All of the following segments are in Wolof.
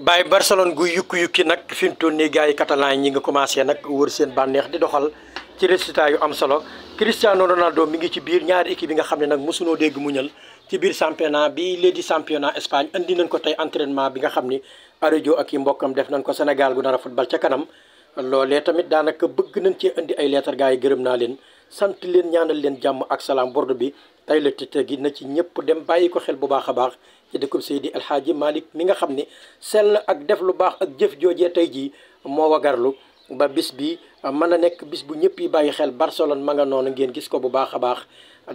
bàyyi Barcelone gu yukki-yukki nag fi mu toll nii gars yi catalan yi ñi nga commencé nag wër seen bànneex di doxal ci résultat yu am solo Cristiano Ronaldo mi ngi ci biir ñaari équipe bi nga xam ne nag mosunoo dégg mu ñal ci biir championnat bi léegi championnat Espagne indi nañ ko tey entraînement bi nga xam ni Arajo ak i mbokkam def nañ ko Sénégal gu nar a football ca kanam loolee tamit daanaka bëgg nañ ci indi ay leetar gars gërëm naa leen sant leen ñaanal leen jàmm ak salaam borde bi tay la gi na ci ñëpp dem bàyyi ko xel bu baax a baax ci dëkkub Seydi El Hadji Malick mi nga xam ne sell ak def lu baax ak jëf joojee tey jii moo wagarlu ba bis bi mën a nekk bis bu ñëpp yi bàyyi xel Barcelone ma nga noonu ngeen gis ko bu baax a baax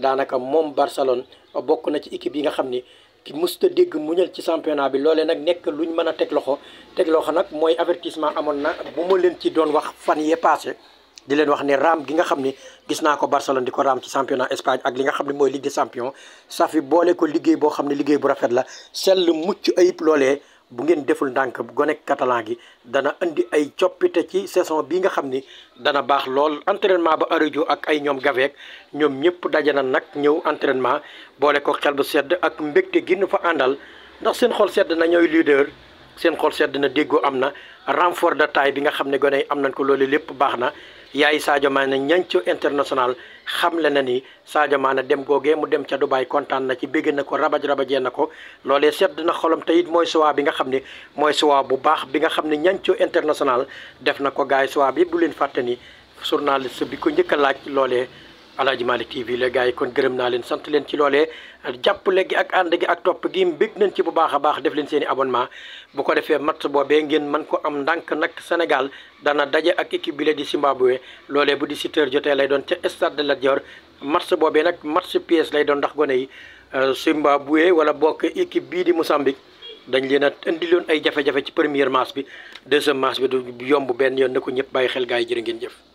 daanaka moom Barcelone bokk na ci équipe yi nga xam ni ki mësta dégg mu ñël ci championnat bi loolee nag nekk lu ñu mën a teg loxo teg loxo nag mooy avertissement amoon na bu ma leen ci doon wax fan yee passé di leen wax ne raam gi nga xam ni gis naa ko Barcelone di ko raam ci championnat Espagne ak li nga xam ne mooy Ligue des champions safi boole ko liggéey boo xam ne liggéey bu rafet la sell mucc ayib loolee bu ngeen deful ndànk gone catalan gi dana indi ay coppite ci saison bi nga xam ni dana baax lool. entraînement ba arajo ak ay ñoom gaveek ñoom ñëpp daje na nag ñëw entraînement boole ko xel bu sedd ak mbégte gi nu fa àndal ndax seen xool sedd na ñooy leader. seen xool sedd na déggoo am na renfort de taille bi nga xam ne gone yi am nañ ko loolu lépp baax na. yaay Sadio Mané ñancu international xamle na ni Sadio Mané dem googee mu dem ca Dubaay kontaan na ci bégg na ko rabaj rabajee na ko loolee sedd na xolam te mooy suwaa bi nga xam ni mooy suwaa bu baax bi nga xam ne ñancu international def na ko gaay suwaa bi bu leen fàtte ni journaliste bi ko njëkk a laaj loolee Aladji Malick TV les gars yi kon gërëm naa leen sant leen ci loolee jàppale gi ak ànd gi ak topp gi mbég nañ ci bu baax a baax def leen seen i abonnement bu ko defee match boobee ngeen mën ko am ndànk nag Sénégal dana daje ak équipe bi la di Zimbabwe loolee bu 17 jotee lay doon ca stade de la Dior match boobee nag match pièce lay doon ndax gone yi euh, Zimbabwe wala bokk équipe bii di Mozambique dañ leen a indiloon ay jafe-jafe ci première match bi deuxième match bi yomb benn yoon na ko ñëpp bàyyi xel gars yi jërë ngeen jëf